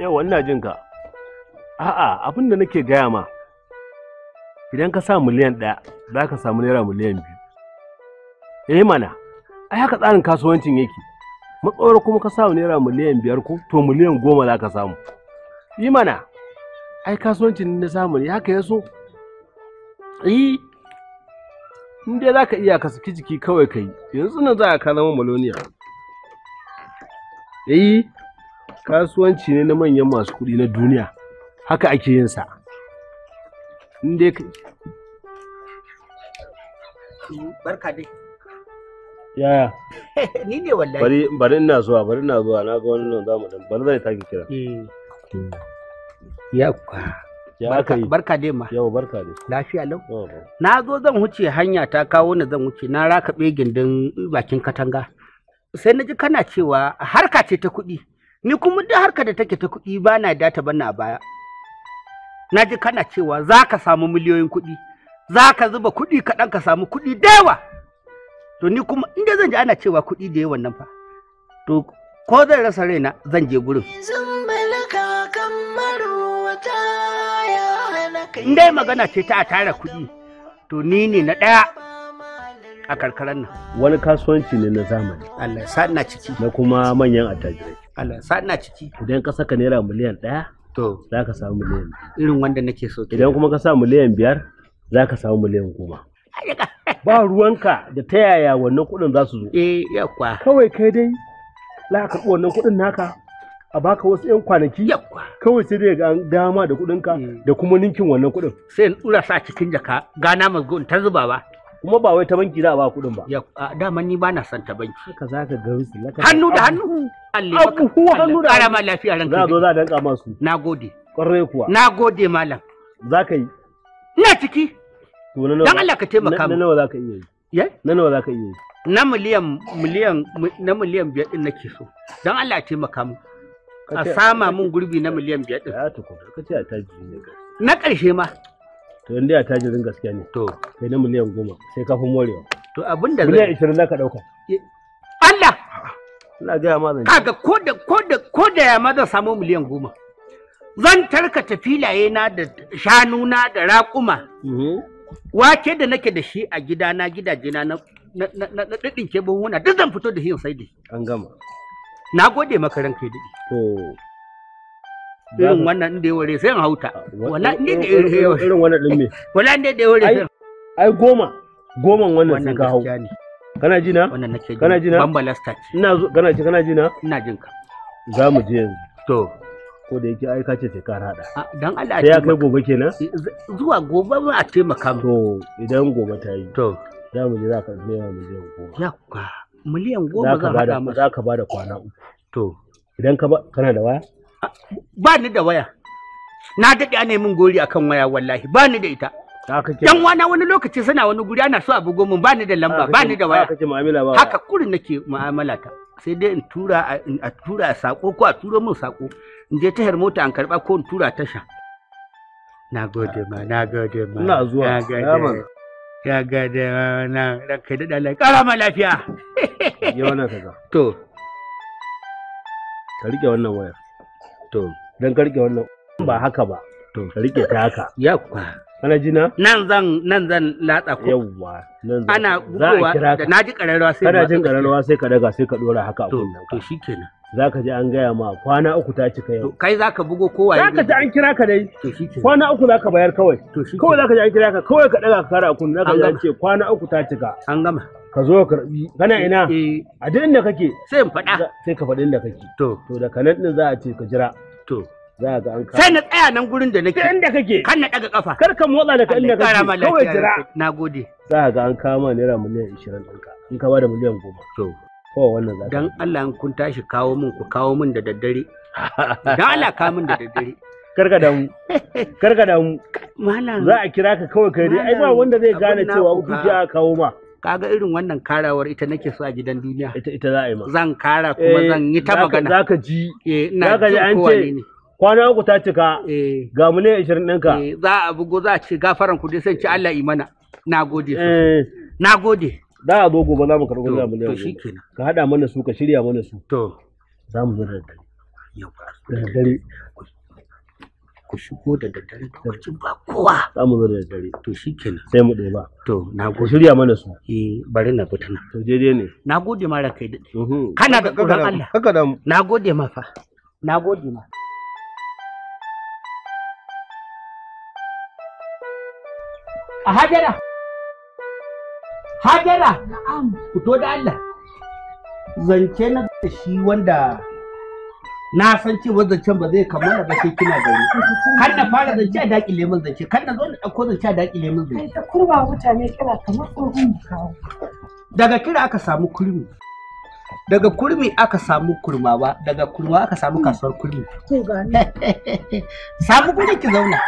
yawa ina jin ka a'a abin da nake gaya ma idan ka sa miliyan ɗaya za ka samu naira miliyan biyu eh mana ai haka tsarin kasuwancin yake matsawar kuma ka samu naira miliyan biyar ko to miliyan goma za ka samu yi eh mana ai kasuwancin na samu ya ka yaso yi eh, in dai za ka iya ka jiki kawai ka yi yanzu nan za ka zama maloniya yi eh, kasuwanci ne na manyan masu kuɗi na duniya haka ake yin sa dai barka dai yaya ni ne wallahi bari bari ina zuwa bari ina zuwa na ga wani nan zamu dan bari zai taki kira eh. ya barka barka dai ma yau barka dai lafiya lau na zo zan huce hanya ta kawo ni zan huce na raka begin din bakin katanga sai na ji kana cewa harka ce ta kuɗi ni kuma duk harka da take ta kuɗi ba na da ta banna baya na ji kana cewa za ka samu miliyoyin kuɗi za ka zuba kuɗi kaɗan ka samu kuɗi da yawa to ni kuma in inda zan ji ana cewa kuɗi da yawan nan fa to ko zan rasa raina zan je gurin in dai magana ce ta a tara kuɗi to ni ne na ɗaya a karkarar nan wani kasuwanci ne na zamani Allah ya sa ina ciki na kuma manyan attajirai Allah sa ina ciki idan ka saka naira miliyan ɗaya to za ka samu miliyan irin wanda nake so idan kuma ka sa miliyan biyar za ka samu miliyan goma ba ruwanka da ta yaya wannan kuɗin za su zo eh yakwa kawai kai dai za ka karɓi wannan kuɗin naka a baka wasu 'yan kwanaki kawai sai dai dama da kuɗinka eh. da kuma ninkin wannan kuɗin sai in tsura sa cikin jaka gana mazgo in ta zuba ba kuma ba wai ta banki za a ba kuɗin ba daman ni ba na son ta banki haka za ka ga su hannu da hannu abu kuwa hannu da hannu ma lafiya ranka za a zo za a danka masu na gode kwarai kuwa na gode malam za ka yi ina ciki dan Allah ka taimaka mu na nawa za ka iya yi na nawa za ka iya yi na miliyan miliyan na miliyan biyar din nake so dan Allah ya taimaka mu a sama mun gurbi na miliyan biyar din na ƙarshe ma to in dai tajirin gaskiya ne to kai na miliyan goma sai ka fi morewa to abin da miliyan ishirin za ka ɗauka Allah ina gaya ma zan kaga ko da ko da ko da ya ma zan samu miliyan goma zan tarka filaye na da shanu na da raƙuma mm-hmm. wake da nake da shi a gida na gidaje na na ɗaɗin ke na duk zan fito da shi in sai da an gama na gode maka ranka daɗi irin wannan inda ya ware sai hauta wala inda da irin wannan din me wala ne da ya ware ai goma goman wannan sai ka hau kana ji na wannan nake kana ji na bambala starch ina zo kana ji kana ji na ina jin ka za mu je yanzu to ko da yake ai ka ce sai ka rada dan Allah sai kai gobe kenan eh, zuwa gobe ba a taimaka to idan gobe ta yi to za mu je za ka biya miliyan goma yakwa miliyan goma za ka bada kwana uku to idan ka ba kana da waya ba ni da waya na daɗe ana min gori akan waya wallahi ba ni da ita dan wana wani lokaci suna wani guri ana so a bugo min ba ni da lamba ba ni da waya haka kurin nake mu'amala ta sai dai in tura a tura a sako ko a turo min sako in je ta mota an karba ko in tura tasha na gode ma na gode ma ina zuwa na gode ya gode ma na kai da dalai kara ma lafiya ya wannan kaza to ka rike wannan waya? to don ka wannan ba haka ba to rike ta haka yakwa ana jina nan zan nan zan latsa ku yawa nan zan ana bugowa da naji kararrawa sai kana jin kararrawa sai ka daga sai ka dora haka a kunnan ka to shikenan zaka ji an gaya ma kwana uku ta cika yau kai zaka bugo kowa zaka ji an kira ka dai kwana uku zaka bayar kawai kawai zaka ji an kira ka kawai ka daga ka kara a kunnan zaka ji an ce kwana uku ta cika an gama ka zo karbi kana ina eh, eh. a duk inda kake sai in faɗa sai ka faɗi inda kake to to da kanan din za a ce ka jira to za ga an sai na tsaya nan gurin da nake inda kake kan na daga kafa kar ka motsa daga inda kake kawai jira nagode za ga an kama naira miliyan 20 ɗinka in ka bada miliyan 10 to ko wannan za dan Allah in kun tashi kawo min ku kawo min da daddare dan Allah kawo min da daddare karka da mu karka da mu malam za a kira ka kawai kai dai ai ba wanda zai gane cewa ku ji a kawo ma kaga irin wannan karawar ita nake so a gidan duniya ita ita za a yi ma zan kara kuma eh, zan yi ta magana Za ka ji eh ina ji an ce kwana uku ta cika eh ga mu ne 20 ka eh za a bugo za a ce gafaran ku dai sai ci Allah imana nagode eh nagode da a zo gobe za mu karɓo za mu ne ka hada mana su ka shirya mana su to za mu zo da dare. ku shigo da daddare lokacin ba kowa za mu zo da daddare to shikenan sai mu ɗeba to na ku shirya mana su eh bari na fita na to daidai ne na gode ma da kana da tsoron Allah haka da na gode ma fa na gode ma a hajara hajara na'am fito da Allah zance na da shi wanda na san wanda zancen ba zai kamala ba sai kina ni. kan na fara zance a daƙi lemun zance kan na zo na ɗauko zance a daƙi lemun zance ta kurba mutane kira kamar tsohon daga kira aka samu kurmi daga kurmi aka samu kurma ba daga kurma aka samu hmm. kasuwar kurmi samu gurin ki zauna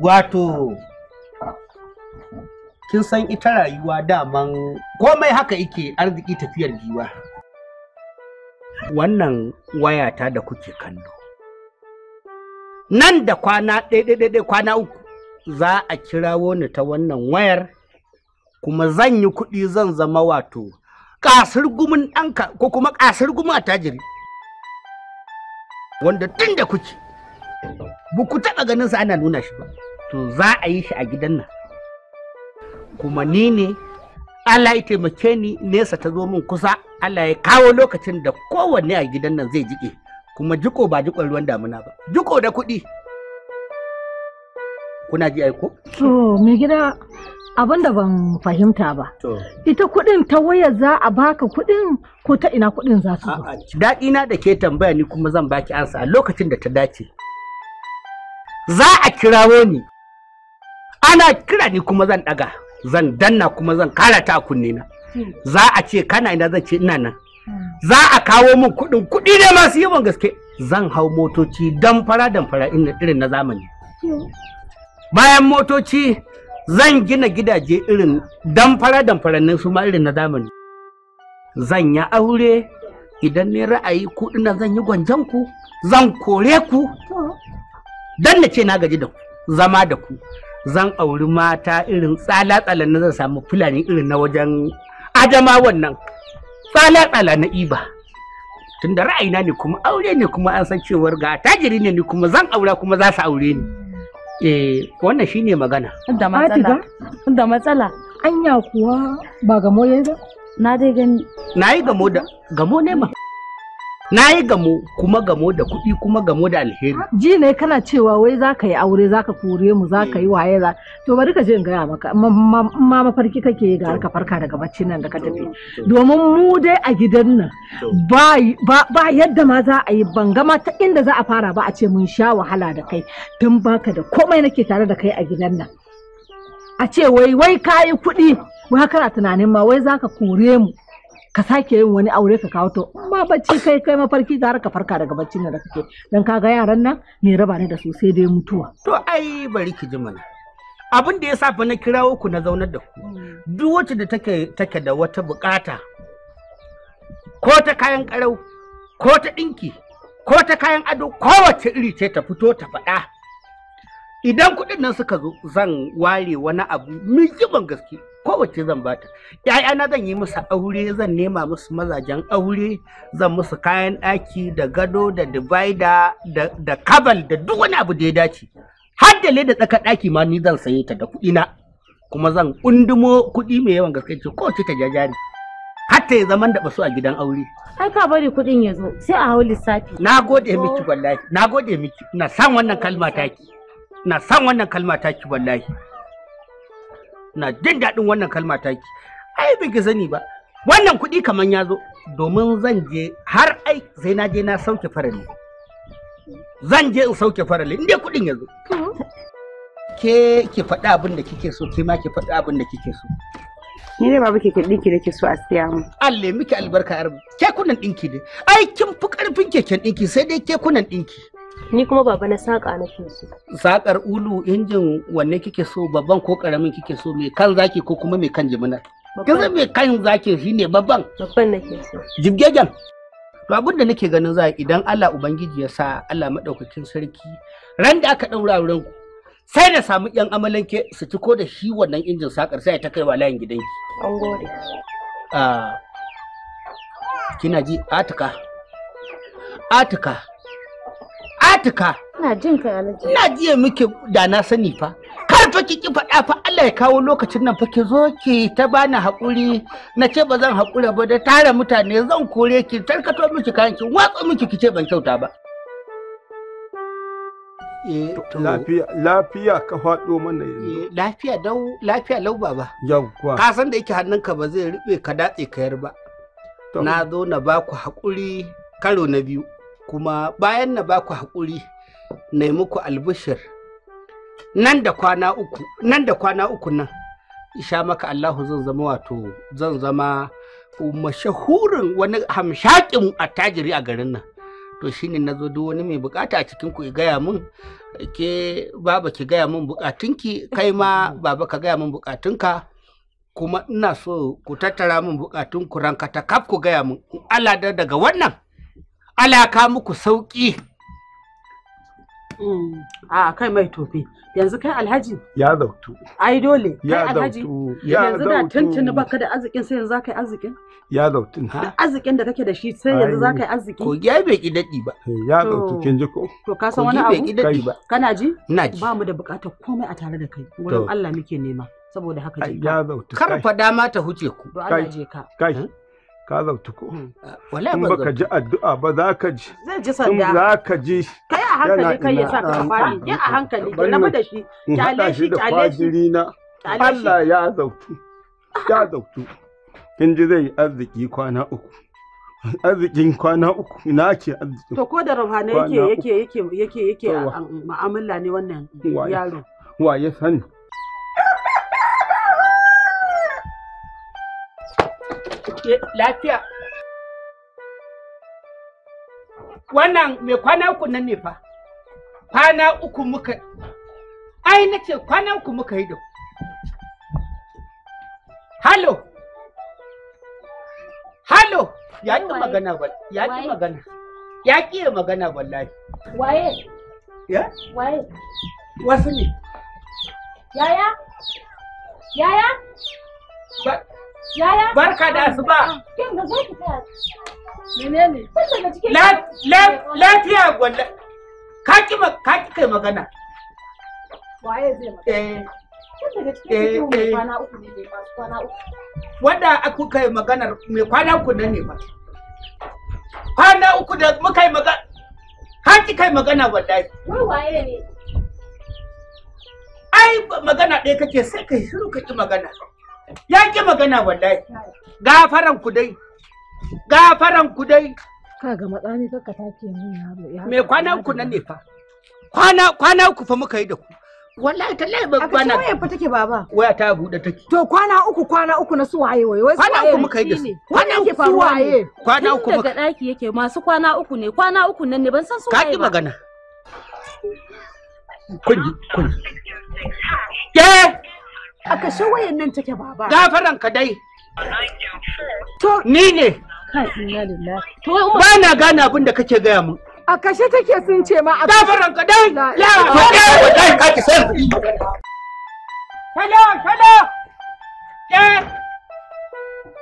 wato kin san ita rayuwa daman komai haka yake arziki tafiyar giwa wannan wayata da kuke kallo nan da kwana ɗaiɗaiɗaiɗai kwana uku za a kirawo ni ta wannan wayar kuma zan yi kuɗi zan zama wato ƙasar gumin ɗanka ko kuma ƙasar gumin attajiri wanda tun da kuke ba ku taɓa ganin sa ana nuna shi ba to za a yi shi a gidan nan kuma ni ne Allah ya taimake ni nesa ta zo min kusa Allah ya kawo lokacin da kowanne a gidan nan zai jike kuma jiko ba jikon ruwan damuna ba jiko da kuɗi kuna ji aiko? To mai gida abin da ban fahimta ba. Ita kuɗin ta waya za a baka kuɗin ko ta ina kuɗin za su zo. Daɗi na da ke tambaya ni kuma zan baki ansa a lokacin da ta dace. Za a kirawo ni. Ana kira ni kuma zan ɗaga. zan danna kuma zan kara ta a kunne na hmm. za a ce kana ina zan ce ina nan hmm. za a kawo min kuɗin kuɗi ne masu yawan gaske zan hau motoci dan fara dan fara irin na zamani hmm. bayan motoci zan gina gidaje irin dan fara dan nan su ma irin na zamani zan ya aure idan ne ra'ayi ku ina zan yi gwanjan ku zan kore ku dan na ce na gaji da ku zama da ku zan auri mata irin tsala-tsala na zan samu fulani irin na wajen adama wannan tsala-tsala na iba tun da ra'ayina ne kuma aure ne kuma an san cewar ga tajiri ne ni kuma zan aura kuma za su aure ni eh wannan shine magana da matsala da matsala anya kuwa ba gamo yayi ba na dai gani nayi gamo da gamo ne ma na yi gamo kuma gamo da kuɗi kuma gamo da alheri ji ne kana cewa wai za ka yi aure za ka kore mu za ka yi eh. waye za to bari ka je in gaya maka ma mafarki kake yi ga harka farka daga bacci nan da ka tafi domin mu dai a gidan nan ba yadda ma za a yi ban gama ta inda za a fara ba a ce mun sha wahala da kai tun baka da komai nake tare da kai a gidan nan a ce wai wai yi kuɗi ba kana tunanin ma wai za ka kore mu ka sake yin wani aure ka kawo to ma bacci kai kai mafarki gara ka farka daga na da kake dan kaga yaran nan me raba ni da su sai dai mutuwa to ai bari ki ji mana abin da ya sa fa na kirawo ku na zaunar da ku duk wacce da take take da wata bukata ko ta kayan karau ko ta dinki ko ta kayan ado kowace iri ce ta fito ta faɗa idan kuɗin nan suka zo zan ware wani abu mai gaske kowace zan bata na zan yi musu aure zan nema musu mazajen aure zan musu kayan ɗaki da gado da divider da kabal da duk wani abu da ya dace har da da tsaka ɗaki ma ni zan saye ta da na. kuma zan kundumo kuɗi mai yawan gaske ce kowace ta jajari har ta yi zaman da basu a gidan aure ai ka bari kuɗin ya zo sai a hau lissafi na gode miki wallahi na gode miki ina san wannan kalma taki ina san wannan kalma taki wallahi na jin daɗin wannan kalma taki ai ban ki sani ba wannan kuɗi kamar ya zo domin zan je har ai sai na je na sauke farali zan je in sauke farali inda kuɗin ya zo ke ki faɗi abin da kike so ke ma ki faɗi abin da kike so ni dai babu ke ɗinki da ke so a siya mu Allah miki albarka yar ke kunan dinki dai ai kin fi ƙarfin keken dinki sai dai ke kunan dinki. ni kuma baba na saƙa ke so saƙar ulu injin wanne kike so babban ko ƙaramin kike so mai kan zaki ko kuma mai kan jimina kin mai kan zaki shine babban babban nake so jibgegen to abin da nake ganin za idan Allah ubangiji ya sa Allah madaukakin sarki ran da aka daura wurin ku sai na samu yan amalanke su ciko da shi wannan injin saƙar sai ta kai wa layin gidanki an gode ah, kina ji atika atika atika ina jin ka alaji ina jiya muke da na sani fa kar fa ki ki faɗa fa Allah ya kawo lokacin nan fa ki zo ki ta bani haƙuri na ce ba zan haƙura ba da tara mutane zan kore ki tarkato miki kayan ki watsa miki ki ce ban kyauta ba eh, lafiya ka faɗo mana yanzu eh, lafiya dau lafiya lau baba yawwa ka san da yake hannunka ba zai rube ka datse yar ba na zo na baku haƙuri karo na biyu kuma bayan na baku hakuri, na yi muku albishir nan da kwana uku nan da kwana uku nan isha maka Allahu zan zama wato zan zama mashahurin wani hamshakin attajiri a garin nan to shine na zo duk wani mai bukata a cikin ku gaya min, ke baba ki gaya min bukatunki kai ma baba ka gaya min bukatunka kuma ina so ku tattara min bukatun ku ranka ta kaf ku gaya min, Allah da daga wannan alaka muku sauki mm. a kai mai tofi yanzu kai alhaji ya zautu ai dole ya alhaji yanzu da tuntuni baka da arzikin sai yanzu zaka arzikin ya zautu na arzikin da kake da shi sai yanzu zaka yi arziki ko gya bai ki ba eh, ya zautu kin ji ko to ka san wani abu bai ba. kana ji ina ji ba mu da buƙatar komai a tare da kai wurin Allah muke nema saboda haka je ka kar fada ma ta huce ku Allah je ka kai ka zautu ko hmm. uh, in ka ji addu'a ba za ka ji zai ji sanda za ka ji kai a hankali kai ya sa ka fadi ya a hankali ki rabu da shi kyale shi kyale shi Allah ya zautu ya zautu kin ji zai arziki kwana uku arzikin kwana uku ina ke arziki to ko da ruhana yake yake yake yake yake mu'amala ne wannan yaro wa ya sani ke lafiya wannan mai kwana uku nan ne fa kwana uku muka ai na ce kwana uku muka yi da halo halo ya ki magana ba ya ki magana ya ki magana wallahi waye ya waye wasu ne yaya yaya Barka da asuba. lafiya gwanda Ka ki ka ki kai magana. Waye zai Eh. eh, eh. Wanda aku kai maganar mai kwana uku nan ne ba. Kwana uku da muka yi magana. Ka ki kai magana wallahi. Wai waye ne? Ai magana ɗaya kake sai kai shiru ka magana. Ya ki magana wallahi. Gafaran ku dai. Gafaran ku dai. Kaga matsani kaka take min yaro. Me kwanan ku nan ne fa? Kwana kwana ku fa muka yi da ku. wallahi tallahi ba kwana a wayar fa take baba waya ta bude take to kwana uku kwana uku na suwaye waye wai kwana uku muka yi da su kwana uku suwaye kwana uku daga daki yake masu kwana uku ne kwana uku nan ne ban san suwaye ka ki magana kun kun ke A kashe wayan nan take baba. Gafaran ka dai. To ni ne. Ba na gane abin da kake gaya mu A kashe take sun ce ma Gafaran ka dai. La ba dai ka ki san.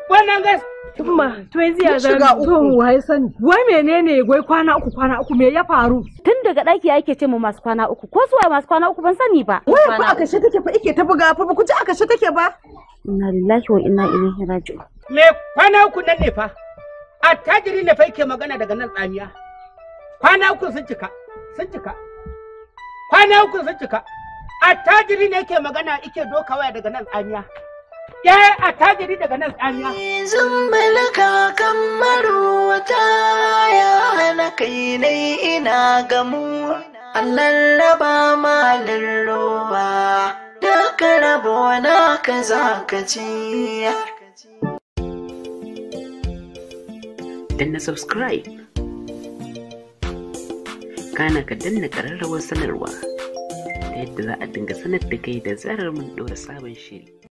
Wannan gaskiya Umma, to yanzu ya shiga uku wai sani. Wai menene wai kwana uku kwana uku me ya faru? Tun daga ɗaki ake ce mu masu kwana uku ko zuwa masu kwana uku ban sani ba. Wai fa aka she take fa ike ta buga fa ba ku ji aka take ba. Inna lillahi wa inna ilaihi raji'un. Me kwana uku nan ne fa? Attajiri ne fa yake magana daga nan tsamiya. Kwana uku sun cika, sun cika. Kwana uku sun cika. Attajiri ne yake magana ike doka waya daga nan tsamiya. ya yi a tajiri daga nan tsariya. Zan malaka kamar wata ya hana kai dai ina gamu. Allah raba malin roba, da ka rabo ka za ka ci. Danna subscribe. Kana ka danna kararrawar sanarwa ta yadda za a dinga sanar da kai da zarar mun ɗora sabon shiri.